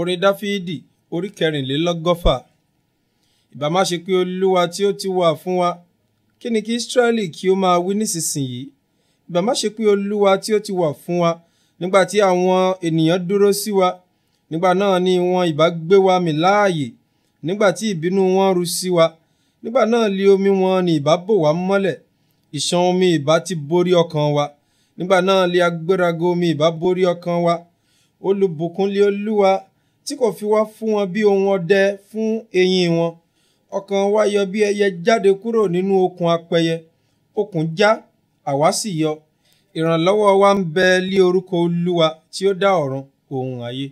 orin dáfídì orí kẹrìnlélọ́gọ́fà ìbá má ṣe pé olúwa tí ó ti wà fún wa kí ni kí israẹli kí ó máa wí nísinsìnyí ìbá má ṣe pé olúwa tí ó ti wà fún wa nígbà tí àwọn ènìyàn dúró sí wa nígbà náà ni wọn ìbá gbé wa mì láàyè nígbà tí ìbínú wọn ru sí wa nígbà náà li omi wọn ni ìbá bò wá mọ́lẹ̀ ìṣàn omi ìbá ti borí ọkàn wa nígbà náà li agbérago omi ìbá borí ọkàn wa olùbùkún li olúwa tí kò fi wá fún wọn bí ohun ọdẹ fún eyín wọn ọkàn wa yọ bí ẹyẹ jáde kúrò nínú okùn apẹyẹ okùn já àwa sì yọ ìrànlọ́wọ́ wa ń bẹ lé orúkọ olúwa tí ó dá ọ̀run òun ayé.